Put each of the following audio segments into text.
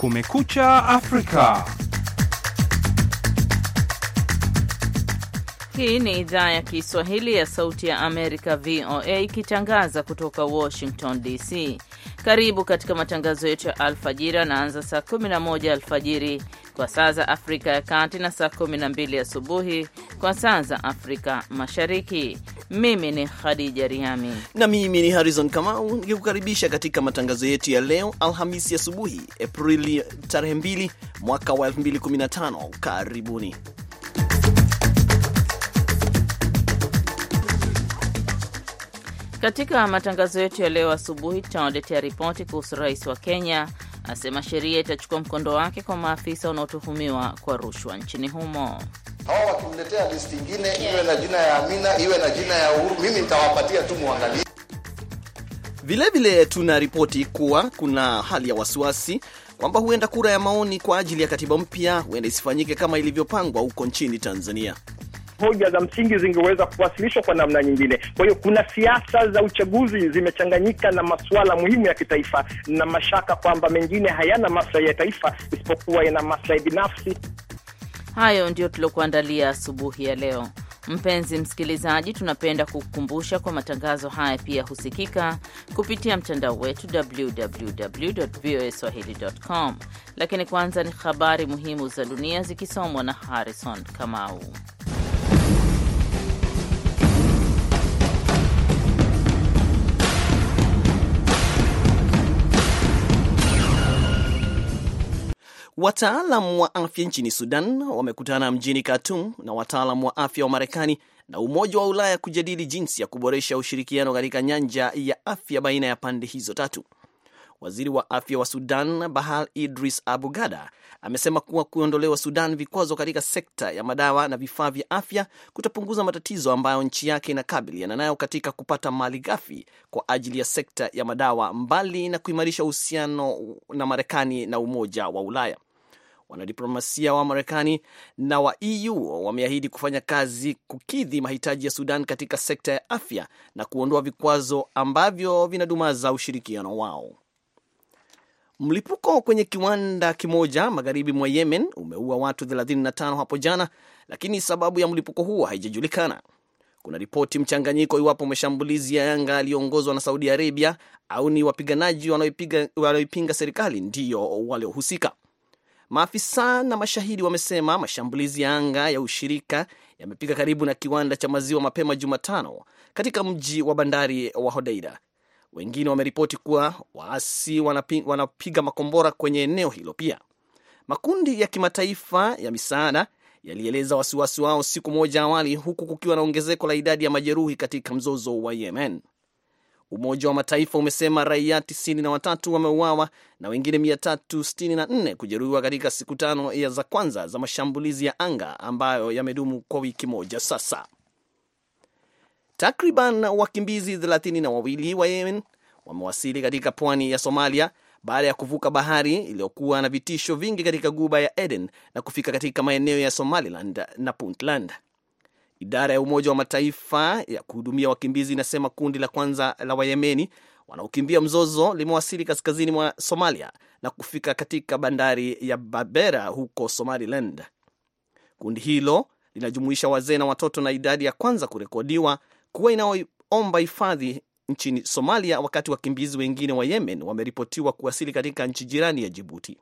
Kumekucha Afrika. Hii ni idhaa ya Kiswahili ya Sauti ya Amerika, VOA, ikitangaza kutoka Washington DC. Karibu katika matangazo yetu ya alfajiri, anaanza saa 11 alfajiri kwa saa za Afrika ya Kati na saa 12 asubuhi kwa saa za Afrika Mashariki. Mimi ni Khadija Riami na mimi ni Harrison Kamau nikikukaribisha katika matangazo yetu ya leo Alhamisi asubuhi Aprili tarehe 2 mwaka wa 2015. Karibuni. Katika matangazo yetu ya leo asubuhi, tutawaletea ripoti kuhusu rais wa Kenya asema sheria itachukua mkondo wake kwa maafisa wanaotuhumiwa kwa rushwa nchini humo. Hawa wakimletea listi ingine iwe na jina ya Amina, iwe na jina ya Uhuru, mimi nitawapatia tu mwangalie. Vilevile tuna ripoti kuwa kuna hali ya wasiwasi kwamba huenda kura ya maoni kwa ajili ya katiba mpya huenda isifanyike kama ilivyopangwa huko nchini Tanzania hoja za msingi zingeweza kuwasilishwa kwa namna nyingine. Kwa hiyo kuna siasa za uchaguzi zimechanganyika na masuala muhimu ya kitaifa na mashaka kwamba mengine hayana maslahi ya taifa isipokuwa yana maslahi binafsi. Hayo ndio tuliokuandalia asubuhi ya leo. Mpenzi msikilizaji, tunapenda kukukumbusha kwa matangazo haya pia husikika kupitia mtandao wetu www.voaswahili.com. Lakini kwanza ni habari muhimu za dunia zikisomwa na Harrison Kamau. Wataalam wa afya nchini Sudan wamekutana mjini Khartoum na wataalam wa afya wa Marekani na Umoja wa Ulaya kujadili jinsi ya kuboresha ushirikiano katika nyanja ya afya baina ya pande hizo tatu. Waziri wa afya wa Sudan Bahal Idris Abugada amesema kuwa kuondolewa Sudan vikwazo katika sekta ya madawa na vifaa vya afya kutapunguza matatizo ambayo nchi yake inakabiliana nayo katika kupata mali ghafi kwa ajili ya sekta ya madawa, mbali na kuimarisha uhusiano na Marekani na Umoja wa Ulaya. Wanadiplomasia wa Marekani na wa EU wameahidi kufanya kazi kukidhi mahitaji ya Sudan katika sekta ya afya na kuondoa vikwazo ambavyo vinadumaza ushirikiano wao. Mlipuko kwenye kiwanda kimoja magharibi mwa Yemen umeua watu 35 hapo jana, lakini sababu ya mlipuko huo haijajulikana. Kuna ripoti mchanganyiko iwapo mashambulizi ya anga yaliyoongozwa na Saudi Arabia au ni wapiganaji wanaoipinga serikali ndiyo waliohusika. Maafisa na mashahidi wamesema mashambulizi ya anga ya ushirika yamepiga karibu na kiwanda cha maziwa mapema Jumatano katika mji wa bandari wa Hodeida. Wengine wameripoti kuwa waasi wanapiga, wanapiga makombora kwenye eneo hilo pia. Makundi ya kimataifa ya misaada yalieleza wasiwasi wao siku moja awali, huku kukiwa na ongezeko la idadi ya majeruhi katika mzozo wa Yemen. Umoja wa Mataifa umesema raia 93 na wameuawa na wengine 364 kujeruhiwa katika siku tano za kwanza za mashambulizi ya anga ambayo yamedumu kwa wiki moja sasa. Takriban wakimbizi thelathini na wawili wa Yemen wamewasili katika pwani ya Somalia baada ya kuvuka bahari iliyokuwa na vitisho vingi katika guba ya Eden na kufika katika maeneo ya Somaliland na Puntland. Idara ya Umoja wa Mataifa ya kuhudumia wakimbizi inasema kundi la kwanza la Wayemeni wanaokimbia mzozo limewasili kaskazini mwa Somalia na kufika katika bandari ya Babera huko Somaliland. Kundi hilo linajumuisha wazee na watoto, na idadi ya kwanza kurekodiwa kuwa inayoomba hifadhi nchini Somalia, wakati wakimbizi wengine wa Yemen wameripotiwa kuwasili katika nchi jirani ya Jibuti.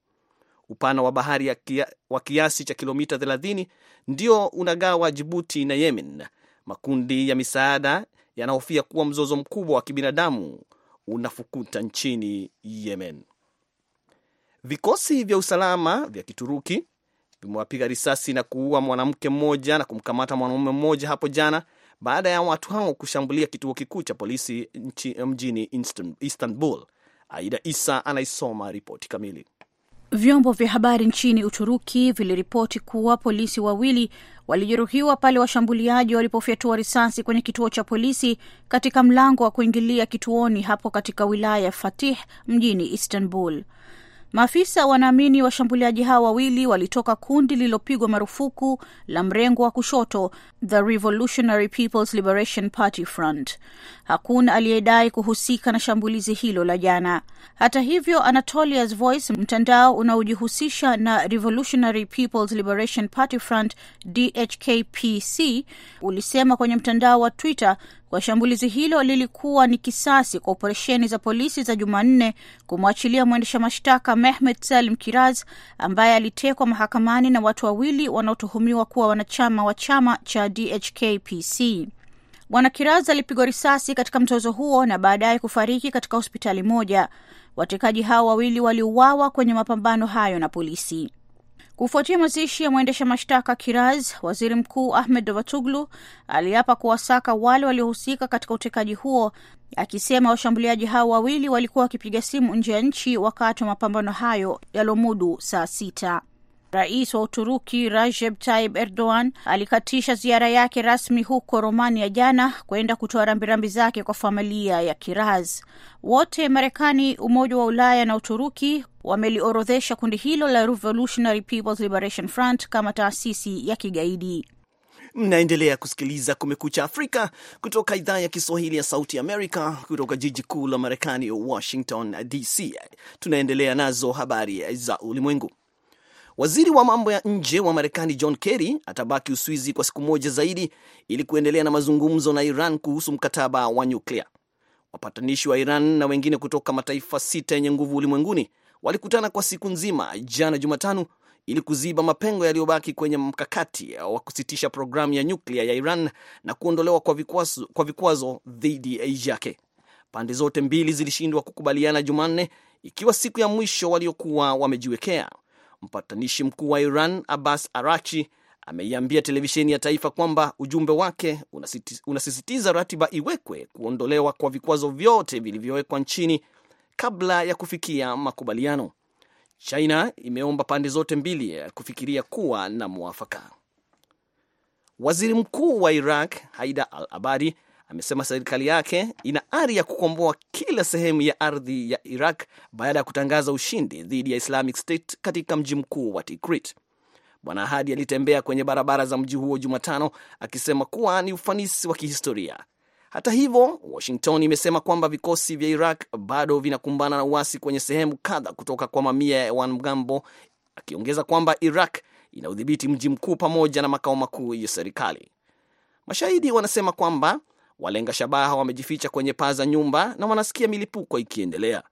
Upana wa bahari kia, wa kiasi cha kilomita 30 ndio unagawa Jibuti na Yemen. Makundi ya misaada yanahofia kuwa mzozo mkubwa wa kibinadamu unafukuta nchini Yemen. Vikosi vya usalama vya Kituruki vimewapiga risasi na kuua mwanamke mmoja na kumkamata mwanaume mmoja hapo jana baada ya watu hao kushambulia kituo kikuu cha polisi mjini Istanbul. Aida Isa anaisoma ripoti kamili. Vyombo vya habari nchini Uturuki viliripoti kuwa polisi wawili walijeruhiwa pale washambuliaji walipofyatua risasi kwenye kituo cha polisi katika mlango wa kuingilia kituoni hapo katika wilaya ya Fatih mjini Istanbul. Maafisa wanaamini washambuliaji hao wawili walitoka kundi lililopigwa marufuku la mrengo wa kushoto, the Revolutionary People's Liberation Party Front. Hakuna aliyedai kuhusika na shambulizi hilo la jana. Hata hivyo, Anatolia's Voice, mtandao unaojihusisha na Revolutionary People's Liberation Party Front, DHKPC, ulisema kwenye mtandao wa Twitter kwa shambulizi hilo lilikuwa ni kisasi kwa operesheni za polisi za Jumanne kumwachilia mwendesha mashtaka mehmed Salim Kiraz ambaye alitekwa mahakamani na watu wawili wanaotuhumiwa kuwa wanachama wa chama cha DHKPC. Bwana Kiraz alipigwa risasi katika mzozo huo na baadaye kufariki katika hospitali moja. Watekaji hao wawili waliuawa kwenye mapambano hayo na polisi. Kufuatia mazishi ya mwendesha mashtaka Kiraz, waziri mkuu Ahmed Davutoglu aliapa kuwasaka wale waliohusika katika utekaji huo, akisema washambuliaji hao wawili walikuwa wakipiga simu nje ya nchi wakati wa mapambano hayo yalomudu saa sita. Rais wa Uturuki Recep Tayyip Erdogan alikatisha ziara yake rasmi huko Romania jana kwenda kutoa rambirambi zake kwa familia ya Kiraz. Wote Marekani, Umoja wa Ulaya na Uturuki wameliorodhesha kundi hilo la Revolutionary People's Liberation Front kama taasisi ya kigaidi. Mnaendelea kusikiliza Kumekucha Afrika kutoka idhaa ya Kiswahili ya Sauti Amerika, kutoka jiji kuu la Marekani, Washington DC. Tunaendelea nazo habari za ulimwengu. Waziri wa mambo ya nje wa Marekani John Kerry atabaki Uswizi kwa siku moja zaidi ili kuendelea na mazungumzo na Iran kuhusu mkataba wa nyuklia. Wapatanishi wa Iran na wengine kutoka mataifa sita yenye nguvu ulimwenguni walikutana kwa siku nzima jana Jumatano ili kuziba mapengo yaliyobaki kwenye mkakati wa kusitisha programu ya nyuklia ya Iran na kuondolewa kwa vikwazo, dhidi ya dhidi yake. Pande zote mbili zilishindwa kukubaliana Jumanne, ikiwa siku ya mwisho waliokuwa wamejiwekea Mpatanishi mkuu wa Iran Abbas Arachi ameiambia televisheni ya taifa kwamba ujumbe wake unasisitiza ratiba iwekwe kuondolewa kwa vikwazo vyote vilivyowekwa nchini kabla ya kufikia makubaliano. China imeomba pande zote mbili kufikiria kuwa na mwafaka. Waziri mkuu wa Iraq Haida al Abadi amesema serikali yake ina ari ya kukomboa kila sehemu ya ardhi ya Iraq baada ya kutangaza ushindi dhidi ya Islamic State katika mji mkuu wa Tikrit. Bwana Hadi alitembea kwenye barabara za mji huo Jumatano akisema kuwa ni ufanisi wa kihistoria. Hata hivyo, Washington imesema kwamba vikosi vya Iraq bado vinakumbana na uasi kwenye sehemu kadha kutoka kwa mamia ya wanamgambo, akiongeza kwamba Iraq inaudhibiti mji mkuu pamoja na makao makuu ya serikali. Mashahidi wanasema kwamba Walenga shabaha wamejificha kwenye paa za nyumba na wanasikia milipuko ikiendelea.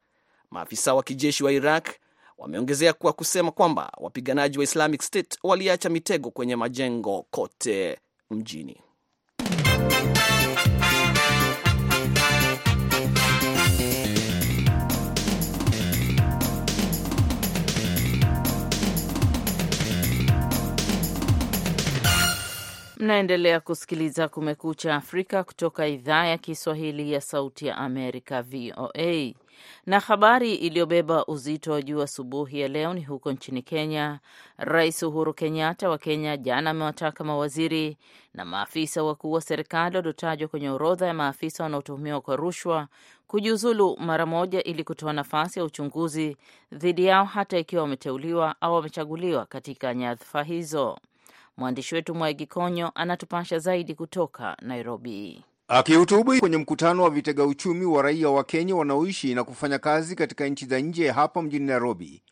Maafisa wa kijeshi wa Iraq wameongezea kuwa kusema kwamba wapiganaji wa Islamic State waliacha mitego kwenye majengo kote mjini. Mnaendelea kusikiliza Kumekucha Afrika kutoka idhaa ya Kiswahili ya Sauti ya Amerika, VOA. Na habari iliyobeba uzito wa juu asubuhi ya leo ni huko nchini Kenya. Rais Uhuru Kenyatta wa Kenya jana amewataka mawaziri na maafisa wakuu wa serikali waliotajwa kwenye orodha ya maafisa wanaotuhumiwa kwa rushwa kujiuzulu mara moja ili kutoa nafasi ya uchunguzi dhidi yao, hata ikiwa wameteuliwa au wamechaguliwa katika nyadhifa hizo. Mwandishi wetu Mwaigi Konyo anatupasha zaidi kutoka Nairobi. Akihutubu kwenye mkutano wa vitega uchumi wa raia wa Kenya wanaoishi na kufanya kazi katika nchi za nje hapa mjini Nairobi,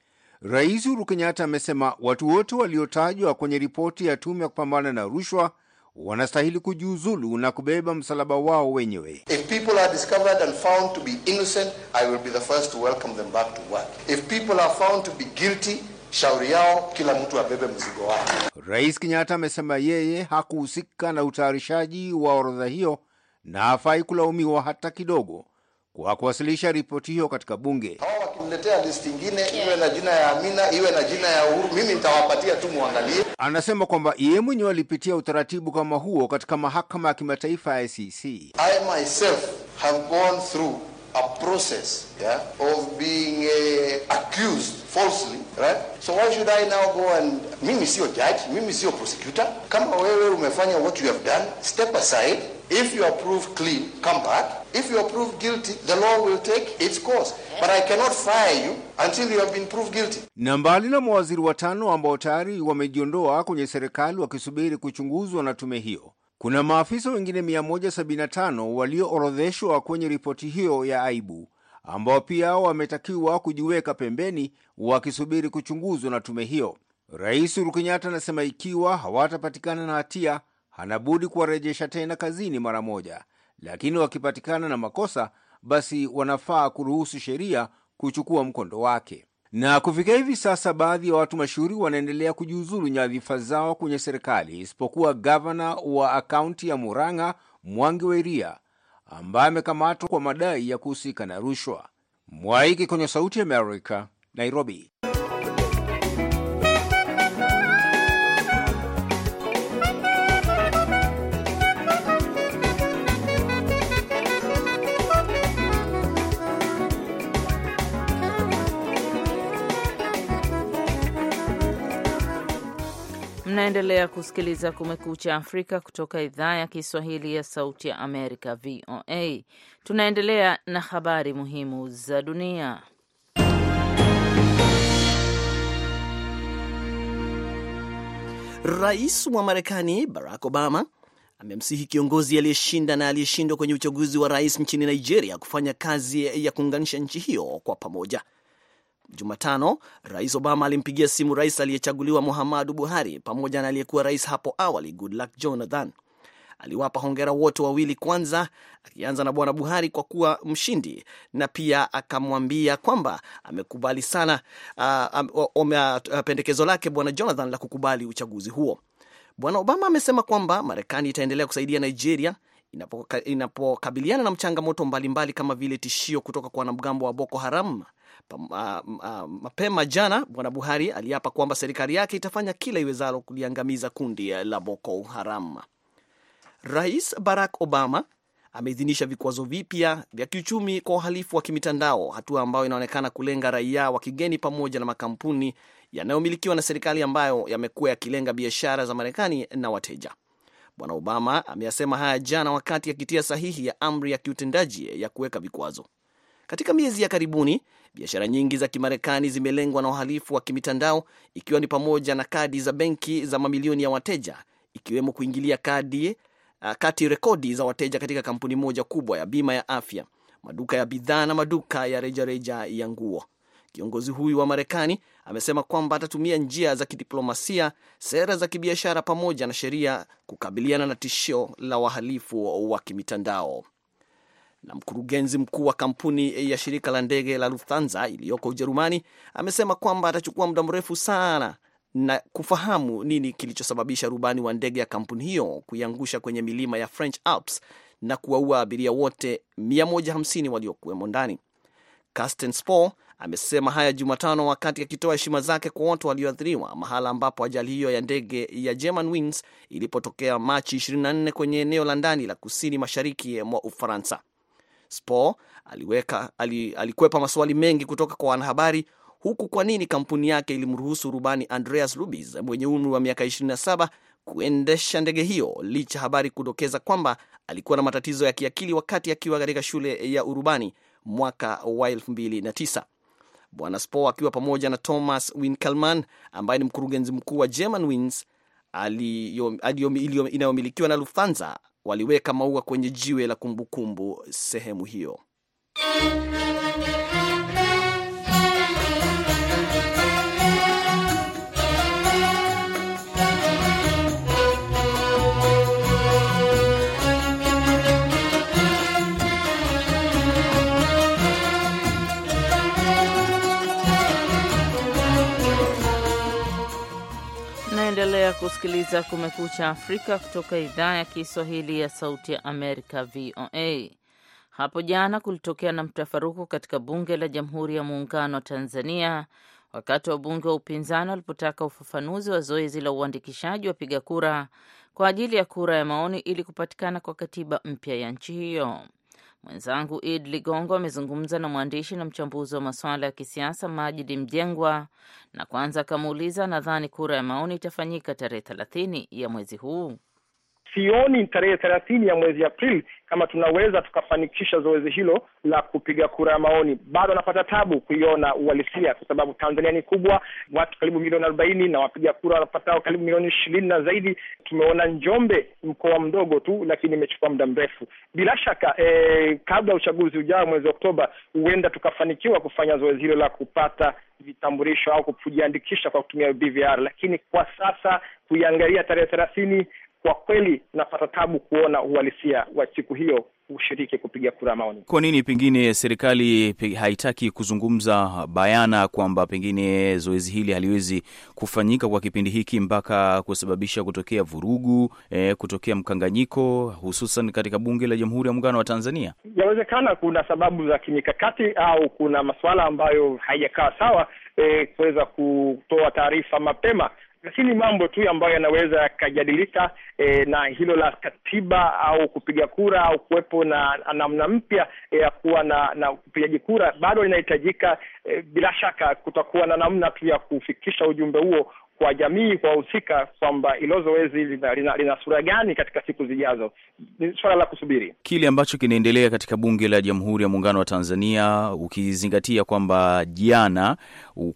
Rais Uhuru Kenyatta amesema watu wote waliotajwa kwenye ripoti ya tume ya kupambana na rushwa wanastahili kujiuzulu na kubeba msalaba wao wenyewe. If people are discovered and found to be innocent, I will be the first to welcome them back to work. If people are found to be guilty, shauri yao, kila mtu abebe mzigo wake. Rais Kenyatta amesema yeye hakuhusika na utayarishaji wa orodha hiyo na hafai kulaumiwa hata kidogo kwa kuwasilisha ripoti hiyo katika bunge. Hawa wakimletea listi ingine iwe na jina ya Amina, iwe na jina ya Uhuru, mimi nitawapatia tu mwangalie. Anasema kwamba yeye mwenyewe alipitia utaratibu kama huo katika mahakama ya kimataifa ya ICC. I myself have gone through a process yeah, of being uh, accused falsely right? So why should I now go and mimi sio judge, mimi sio prosecutor. Kama wewe umefanya what you have done, step aside. If you are proved clean, come back. If you are proved guilty, the law will take its course. But I cannot fire you until you have been proved guilty. Na mbali na mawaziri watano ambao tayari wamejiondoa kwenye serikali wakisubiri kuchunguzwa na tume hiyo kuna maafisa wengine 175 walioorodheshwa kwenye ripoti hiyo ya aibu ambao pia wametakiwa kujiweka pembeni wakisubiri kuchunguzwa na tume hiyo. Rais Uhuru Kenyatta anasema ikiwa hawatapatikana na hatia hanabudi kuwarejesha tena kazini mara moja, lakini wakipatikana na makosa basi wanafaa kuruhusu sheria kuchukua mkondo wake. Na kufikia hivi sasa baadhi ya watu mashuhuri wanaendelea kujiuzulu nyadhifa zao kwenye serikali, isipokuwa gavana wa akaunti ya Murang'a Mwangi wa Iria ambaye amekamatwa kwa madai ya kuhusika na rushwa. Mwaiki kwenye Sauti ya Amerika, Nairobi. Mnaendelea kusikiliza Kumekucha Afrika kutoka idhaa ya Kiswahili ya Sauti ya Amerika, VOA. Tunaendelea na habari muhimu za dunia. Rais wa Marekani Barack Obama amemsihi kiongozi aliyeshinda na aliyeshindwa kwenye uchaguzi wa rais nchini Nigeria kufanya kazi ya kuunganisha nchi hiyo kwa pamoja. Jumatano, Rais Obama alimpigia simu rais aliyechaguliwa Muhammadu Buhari pamoja na aliyekuwa rais hapo awali Goodluck Jonathan. Aliwapa hongera wote wawili, kwanza akianza na Bwana Buhari kwa kuwa mshindi na pia akamwambia kwamba amekubali sana uh, um, uh, pendekezo lake Bwana Jonathan la kukubali uchaguzi huo. Bwana Obama amesema kwamba Marekani itaendelea kusaidia Nigeria inapokabiliana inapo na changamoto mbalimbali kama vile tishio kutoka kwa wanamgambo wa Boko Haram Mapema jana Bwana Buhari aliapa kwamba serikali yake itafanya kila iwezalo kuliangamiza kundi la Boko Haram. Rais Barack Obama ameidhinisha vikwazo vipya vya kiuchumi kwa uhalifu wa kimitandao, hatua ambayo inaonekana kulenga raia wa kigeni pamoja na makampuni yanayomilikiwa na serikali ambayo yamekuwa yakilenga biashara za Marekani na wateja. Bwana Obama ameyasema haya jana wakati akitia sahihi ya amri ya kiutendaji ya kuweka vikwazo. Katika miezi ya karibuni, biashara nyingi za Kimarekani zimelengwa na uhalifu wa kimitandao, ikiwa ni pamoja na kadi za benki za mamilioni ya wateja, ikiwemo kuingilia kadi ah, kati rekodi za wateja katika kampuni moja kubwa ya bima ya afya, maduka ya bidhaa na maduka ya rejareja ya nguo. Kiongozi huyu wa Marekani amesema kwamba atatumia njia za kidiplomasia, sera za kibiashara pamoja na sheria kukabiliana na tishio la wahalifu wa kimitandao na mkurugenzi mkuu wa kampuni ya shirika la ndege la Lufthansa iliyoko Ujerumani amesema kwamba atachukua muda mrefu sana na kufahamu nini kilichosababisha rubani wa ndege ya kampuni hiyo kuiangusha kwenye milima ya French Alps na kuwaua abiria wote 150 waliokuwemo ndani. Carsten Spohr amesema haya Jumatano wakati akitoa heshima zake kwa watu walioathiriwa mahala ambapo ajali hiyo ya ndege ya Germanwings ilipotokea Machi 24 kwenye eneo la ndani la kusini mashariki mwa Ufaransa. Spohr aliweka, alikwepa maswali mengi kutoka kwa wanahabari huku kwa nini kampuni yake ilimruhusu rubani Andreas lubis mwenye umri wa miaka 27 kuendesha ndege hiyo licha habari kudokeza kwamba alikuwa na matatizo ya kiakili wakati akiwa katika shule ya urubani mwaka wa 2009. Bwana Spohr akiwa pamoja na Thomas Winkelmann ambaye ni mkurugenzi mkuu wa German Wings inayomilikiwa na Lufthansa waliweka maua kwenye jiwe la kumbukumbu sehemu hiyo. unasikiliza Kumekucha Afrika kutoka idhaa ya Kiswahili ya Sauti ya Amerika, VOA. Hapo jana kulitokea na mtafaruku katika bunge la Jamhuri ya Muungano wa Tanzania wakati wa bunge wa upinzani walipotaka ufafanuzi wa zoezi la uandikishaji wa piga kura kwa ajili ya kura ya maoni ili kupatikana kwa katiba mpya ya nchi hiyo. Mwenzangu Id Ligongo amezungumza na mwandishi na mchambuzi wa masuala ya kisiasa Majidi Mjengwa na kwanza akamuuliza, nadhani kura ya maoni itafanyika tarehe thelathini ya mwezi huu. Sioni tarehe thelathini ya mwezi Aprili kama tunaweza tukafanikisha zoezi hilo la kupiga kura ya maoni. Bado anapata tabu kuiona uhalisia, kwa sababu Tanzania ni kubwa, watu karibu milioni arobaini na wapiga kura wanapatao karibu milioni ishirini na zaidi. Tumeona Njombe, mkoa mdogo tu, lakini imechukua muda mrefu. Bila shaka eh, kabla uchaguzi ujao mwezi Oktoba, huenda tukafanikiwa kufanya zoezi hilo la kupata vitambulisho au kujiandikisha kwa kutumia BVR, lakini kwa sasa kuiangalia tarehe thelathini kwa kweli napata tabu kuona uhalisia wa siku hiyo ushiriki kupiga kura maoni. Kwa nini pengine serikali haitaki kuzungumza bayana kwamba pengine zoezi hili haliwezi kufanyika kwa kipindi hiki mpaka kusababisha kutokea vurugu, eh, kutokea mkanganyiko hususan katika bunge la Jamhuri ya Muungano wa Tanzania? Yawezekana kuna sababu za kimikakati au kuna masuala ambayo haijakaa sawa, eh, kuweza kutoa taarifa mapema lakini mambo tu ambayo yanaweza yakajadilika e, na hilo la katiba au kupiga kura au kuwepo na namna mpya eh, ya e, kuwa na na upigaji kura bado linahitajika. E, bila shaka kutakuwa na namna tu ya kufikisha ujumbe huo kwa jamii, kwa wahusika kwamba hilo zoezi lina, lina, lina sura gani katika siku zijazo. Ni suala la kusubiri kile ambacho kinaendelea katika Bunge la Jamhuri ya Muungano wa Tanzania, ukizingatia kwamba jana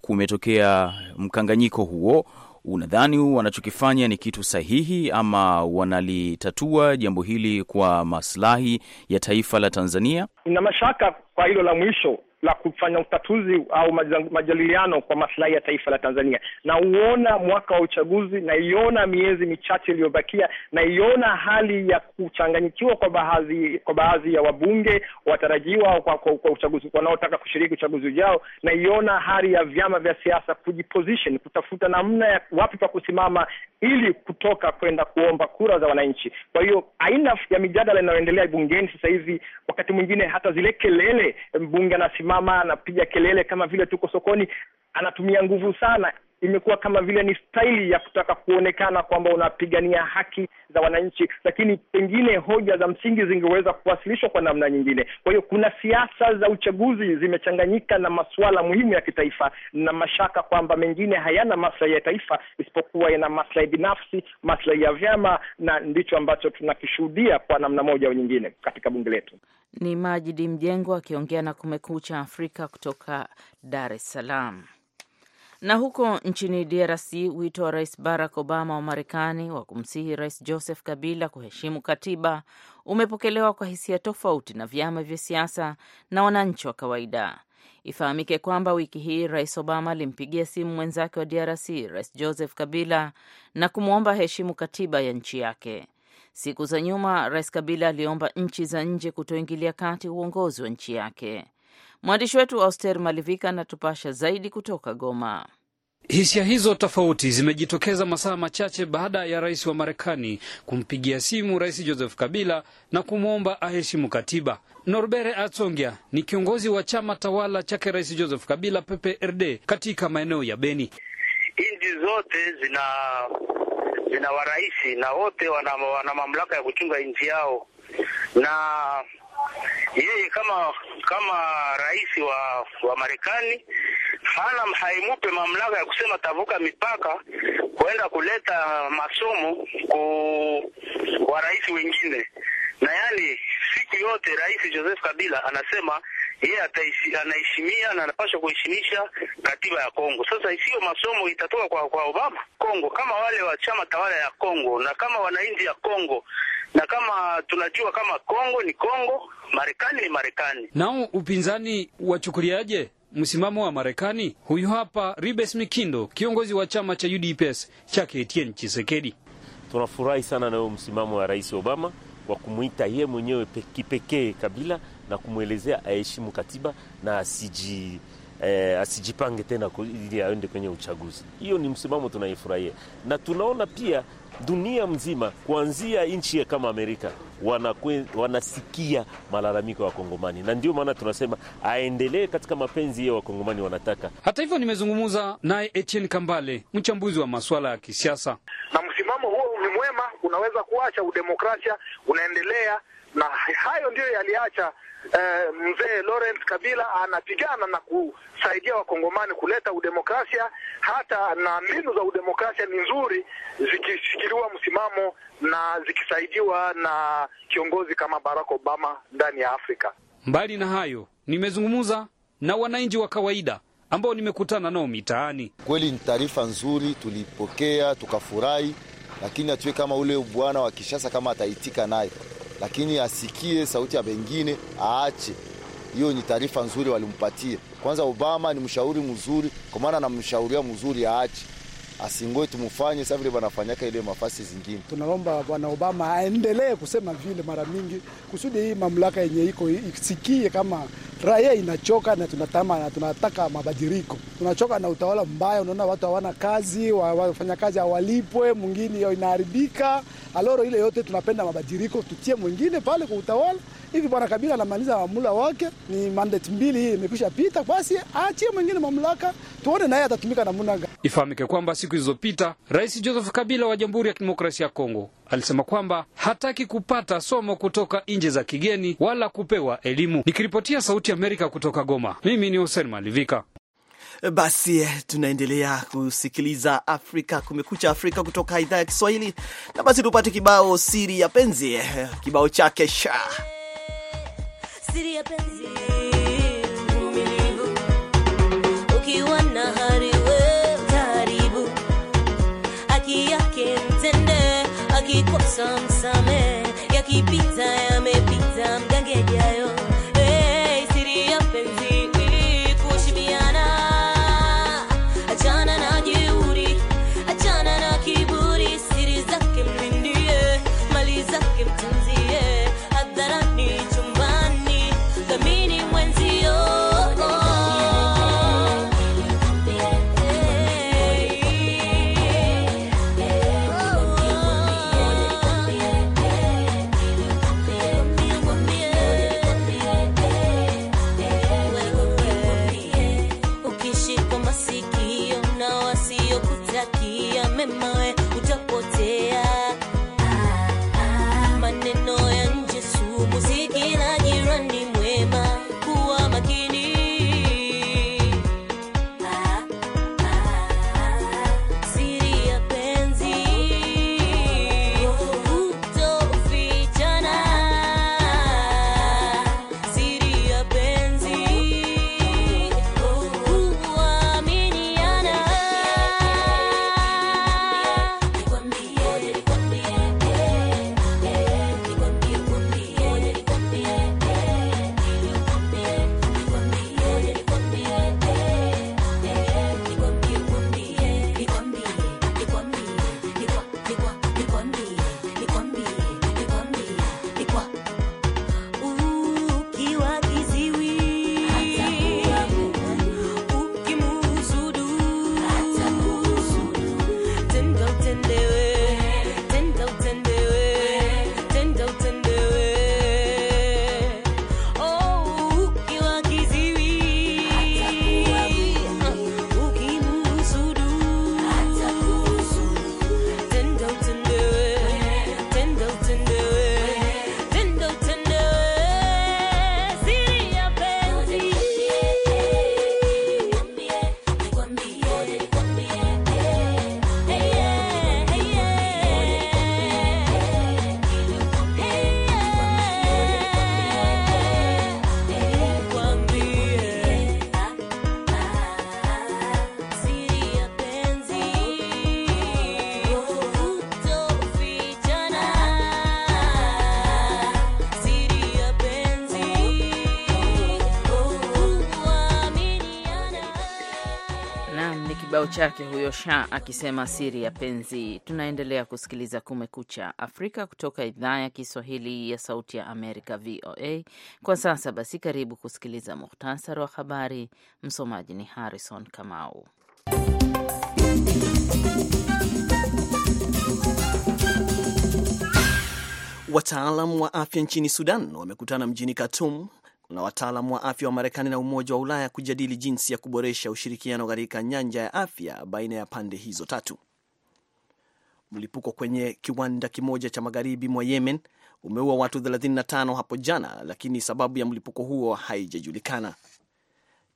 kumetokea mkanganyiko huo unadhani wanachokifanya ni kitu sahihi ama wanalitatua jambo hili kwa maslahi ya taifa la Tanzania? Nina mashaka kwa hilo la mwisho, la kufanya utatuzi au majadiliano kwa maslahi ya taifa la Tanzania. Nauona mwaka wa uchaguzi, naiona miezi michache iliyobakia, naiona hali ya kuchanganyikiwa kwa baadhi kwa baadhi ya wabunge watarajiwa kwa, kwa, kwa uchaguzi wanaotaka kushiriki uchaguzi ujao, naiona hali ya vyama vya siasa kujiposition, kutafuta namna ya wapi pa kusimama ili kutoka kwenda kuomba kura za wananchi. Kwa hiyo aina ya mijadala inayoendelea bungeni sasa hivi, wakati mwingine hata zile kelele mbunge anasi anasimama anapiga kelele kama vile tuko sokoni anatumia nguvu sana imekuwa kama vile ni staili ya kutaka kuonekana kwamba unapigania haki za wananchi, lakini pengine hoja za msingi zingeweza kuwasilishwa kwa namna nyingine. Kwa hiyo kuna siasa za uchaguzi zimechanganyika na masuala muhimu ya kitaifa na mashaka kwamba mengine hayana maslahi ya taifa, isipokuwa yana maslahi binafsi, maslahi ya vyama, na ndicho ambacho tunakishuhudia kwa namna moja au nyingine katika bunge letu. Ni Majidi Mjengo akiongea na Kumekucha Afrika kutoka Dar es Salaam. Na huko nchini DRC, wito wa Rais Barack Obama wa Marekani wa kumsihi Rais Joseph Kabila kuheshimu katiba umepokelewa kwa hisia tofauti na vyama vya siasa na wananchi wa kawaida. Ifahamike kwamba wiki hii Rais Obama alimpigia simu mwenzake wa DRC Rais Joseph Kabila na kumwomba heshimu katiba ya nchi yake. Siku za nyuma, Rais Kabila aliomba nchi za nje kutoingilia kati uongozi wa nchi yake. Mwandishi wetu Auster Malivika anatupasha zaidi kutoka Goma. Hisia hizo tofauti zimejitokeza masaa machache baada ya rais wa Marekani kumpigia simu Rais Joseph Kabila na kumwomba aheshimu katiba. Norbere Atsongia ni kiongozi wa chama tawala chake Rais Joseph Kabila PPRD katika maeneo ya Beni. Nchi zote zina zina waraisi na wote wana, wana mamlaka ya kuchunga nchi yao na yeye kama kama rais wa wa Marekani hana haimupe mamlaka ya kusema tavuka mipaka kwenda kuleta masomo ku wa rais wengine, na yani siku yote Rais Joseph Kabila anasema yeye anaheshimia na anapaswa kuheshimisha katiba ya Kongo. Sasa isiyo masomo itatoka kwa, kwa Obama Kongo, kama wale wa chama tawala ya Kongo na kama wananchi ya Kongo na kama tunajua kama Kongo ni Kongo, Marekani ni Marekani. Nao upinzani wachukuliaje msimamo wa Marekani? Huyu hapa Ribes Mikindo, kiongozi wa chama cha UDPS chake Etienne Chisekedi. Tunafurahi sana na msimamo wa Rais Obama wa kumwita yeye mwenyewe kipekee Kabila na kumwelezea aheshimu katiba na asiji Eh, asijipange tena ili aende kwenye uchaguzi. Hiyo ni msimamo tunaifurahia, na tunaona pia dunia mzima, kuanzia nchi kama Amerika wanakwe, wanasikia malalamiko ya Wakongomani, na ndio maana tunasema aendelee katika mapenzi ya Wakongomani wanataka. Hata hivyo, nimezungumza naye Etienne Kambale, mchambuzi wa masuala ya kisiasa, na msimamo huo ni mwema, unaweza kuacha udemokrasia unaendelea, na hayo ndiyo yaliacha Eh, mzee Lawrence Kabila anapigana na kusaidia wakongomani kuleta udemokrasia, hata na mbinu za udemokrasia ni nzuri zikishikiliwa msimamo na zikisaidiwa na kiongozi kama Barack Obama ndani ya Afrika. Mbali na hayo, nimezungumza na wananchi wa kawaida ambao nimekutana nao mitaani. Kweli ni taarifa nzuri, tulipokea tukafurahi, lakini hatujui kama ule bwana wa Kishasa kama ataitika nayo lakini asikie sauti ya wengine, aache hiyo. Ni taarifa nzuri walimpatia. Kwanza Obama ni mshauri mzuri, kwa maana anamshauria mzuri aache asingoe tumufanye sa vile wanafanyaka ile mafasi zingine. Tunaomba bwana Obama aendelee kusema vile mara mingi, kusudi hii mamlaka yenye iko isikie kama raia inachoka na tunatama, na tunataka mabadiliko. Tunachoka na utawala mbaya, unaona watu hawana kazi, wafanyakazi hawalipwe, mwingine inaharibika aloro ile yote. Tunapenda mabadiliko, tutie mwingine pale kwa utawala hivi. Bwana Kabila anamaliza mula wake, ni mandate mbili hii imekwisha pita, basi aachie mwingine mamlaka, tuone naye atatumika namna gani. Ifahamike kwamba siku zilizopita Rais Joseph Kabila wa Jamhuri ya Kidemokrasia ya Kongo alisema kwamba hataki kupata somo kutoka nje za kigeni wala kupewa elimu. Nikiripotia Sauti ya Amerika kutoka Goma, mimi ni Hussein Malivika. Basi tunaendelea kusikiliza Afrika Kumekucha Afrika kutoka idhaa ya Kiswahili, na basi tupate kibao siri ya penzi, kibao chake sha city up in the chake huyo Sha akisema siri ya penzi. Tunaendelea kusikiliza Kumekucha Afrika kutoka idhaa ya Kiswahili ya Sauti ya Amerika, VOA. Kwa sasa basi, karibu kusikiliza muhtasari wa habari. Msomaji ni Harrison Kamau. Wataalam wa afya nchini Sudan wamekutana mjini Khartoum kuna wataalam wa afya wa Marekani na Umoja wa Ulaya kujadili jinsi ya kuboresha ushirikiano katika nyanja ya afya baina ya pande hizo tatu. Mlipuko kwenye kiwanda kimoja cha magharibi mwa Yemen umeua watu 35 hapo jana, lakini sababu ya mlipuko huo haijajulikana.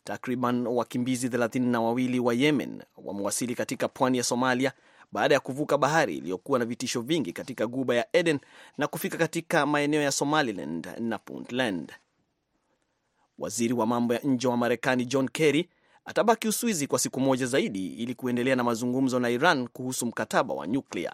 Takriban wakimbizi thelathini wawili wa Yemen wamewasili katika pwani ya Somalia baada ya kuvuka bahari iliyokuwa na vitisho vingi katika guba ya Eden na kufika katika maeneo ya Somaliland na Puntland. Waziri wa mambo ya nje wa Marekani John Kerry atabaki Uswizi kwa siku moja zaidi ili kuendelea na mazungumzo na Iran kuhusu mkataba wa nyuklia.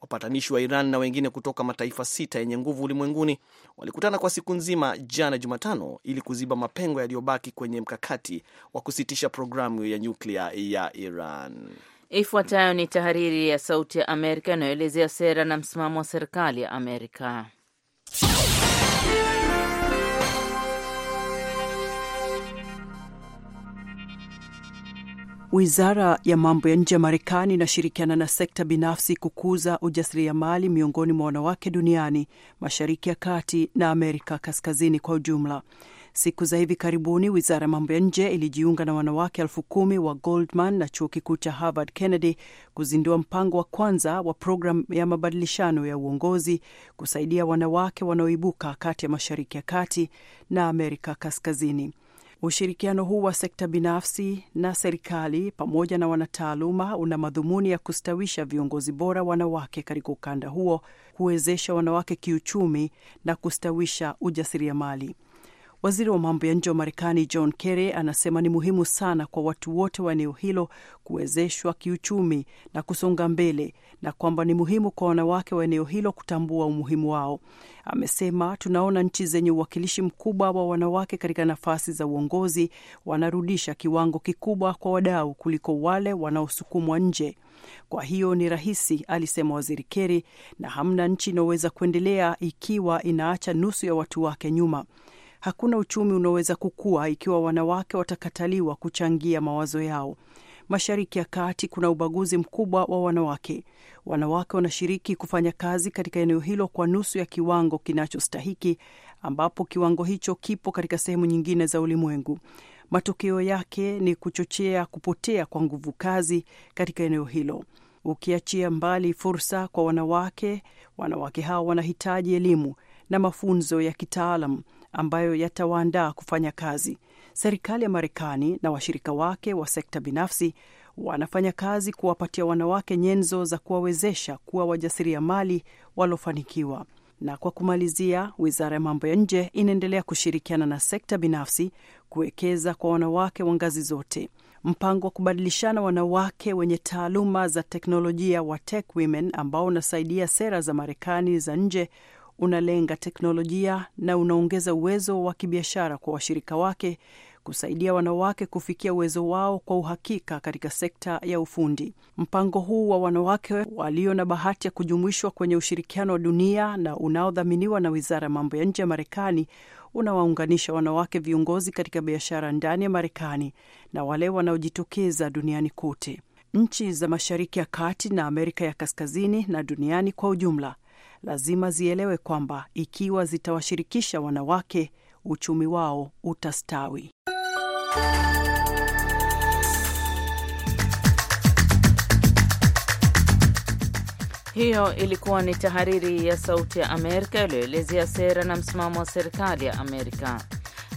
Wapatanishi wa Iran na wengine kutoka mataifa sita yenye nguvu ulimwenguni walikutana kwa siku nzima jana Jumatano ili kuziba mapengo yaliyobaki kwenye mkakati wa kusitisha programu ya nyuklia ya Iran. Ifuatayo ni tahariri ya Sauti ya Amerika inayoelezea sera na msimamo wa serikali ya Amerika. Wizara ya mambo ya nje ya Marekani inashirikiana na sekta binafsi kukuza ujasiriamali miongoni mwa wanawake duniani, Mashariki ya Kati na Amerika Kaskazini kwa ujumla. Siku za hivi karibuni wizara ya mambo ya nje ilijiunga na wanawake elfu kumi wa Goldman na chuo kikuu cha Harvard Kennedy kuzindua mpango wa kwanza wa programu ya mabadilishano ya uongozi kusaidia wanawake wanaoibuka kati ya Mashariki ya Kati na Amerika Kaskazini. Ushirikiano huu wa sekta binafsi na serikali pamoja na wanataaluma una madhumuni ya kustawisha viongozi bora wanawake katika ukanda huo, kuwezesha wanawake kiuchumi na kustawisha ujasiriamali. Waziri wa mambo ya nje wa Marekani John Kerry anasema ni muhimu sana kwa watu wote wa eneo hilo kuwezeshwa kiuchumi na kusonga mbele na kwamba ni muhimu kwa wanawake wa eneo hilo kutambua umuhimu wao. Amesema tunaona nchi zenye uwakilishi mkubwa wa wanawake katika nafasi za uongozi wanarudisha kiwango kikubwa kwa wadau kuliko wale wanaosukumwa nje. Kwa hiyo ni rahisi, alisema Waziri Kerry, na hamna nchi inayoweza kuendelea ikiwa inaacha nusu ya watu wake nyuma. Hakuna uchumi unaoweza kukua ikiwa wanawake watakataliwa kuchangia mawazo yao. Mashariki ya Kati kuna ubaguzi mkubwa wa wanawake. Wanawake wanashiriki kufanya kazi katika eneo hilo kwa nusu ya kiwango kinachostahiki, ambapo kiwango hicho kipo katika sehemu nyingine za ulimwengu. Matokeo yake ni kuchochea kupotea kwa nguvu kazi katika eneo hilo. Ukiachia mbali fursa kwa wanawake, wanawake hao wanahitaji elimu na mafunzo ya kitaalam ambayo yatawaandaa kufanya kazi. Serikali ya Marekani na washirika wake wa sekta binafsi wanafanya kazi kuwapatia wanawake nyenzo za kuwawezesha kuwa wajasiriamali waliofanikiwa. Na kwa kumalizia, wizara ya mambo ya nje inaendelea kushirikiana na sekta binafsi kuwekeza kwa wanawake wa ngazi zote. Mpango wa kubadilishana wanawake wenye taaluma za teknolojia wa Tech Women ambao unasaidia sera za Marekani za nje unalenga teknolojia na unaongeza uwezo wa kibiashara kwa washirika wake kusaidia wanawake kufikia uwezo wao kwa uhakika katika sekta ya ufundi. Mpango huu wa wanawake walio na bahati ya kujumuishwa kwenye ushirikiano wa dunia na unaodhaminiwa na Wizara ya Mambo ya Nje ya Marekani unawaunganisha wanawake viongozi katika biashara ndani ya Marekani na wale wanaojitokeza duniani kote. Nchi za Mashariki ya Kati na Amerika ya Kaskazini na duniani kwa ujumla lazima zielewe kwamba ikiwa zitawashirikisha wanawake, uchumi wao utastawi. Hiyo ilikuwa ni tahariri ya Sauti ya Amerika iliyoelezea sera na msimamo wa serikali ya Amerika.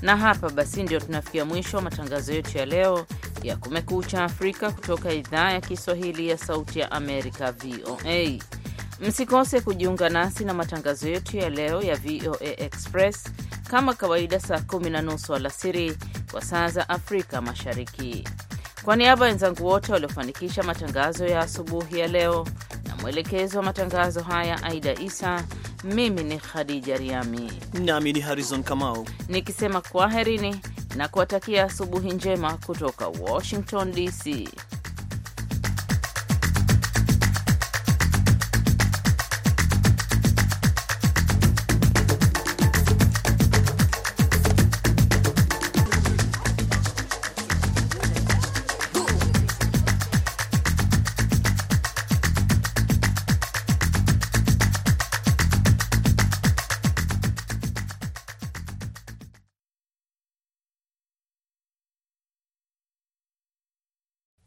Na hapa basi ndio tunafikia mwisho wa matangazo yetu ya leo ya Kumekucha Afrika kutoka idhaa ya Kiswahili ya Sauti ya Amerika, VOA. Msikose kujiunga nasi na matangazo yetu ya leo ya VOA Express kama kawaida, saa kumi na nusu alasiri kwa saa za Afrika Mashariki. Kwa niaba ya wenzangu wote waliofanikisha matangazo ya asubuhi ya leo na mwelekezo wa matangazo haya Aida Isa, mimi ni Khadija Riami nami ni Harrison Kamau nikisema kwaherini na kuwatakia asubuhi njema kutoka Washington DC.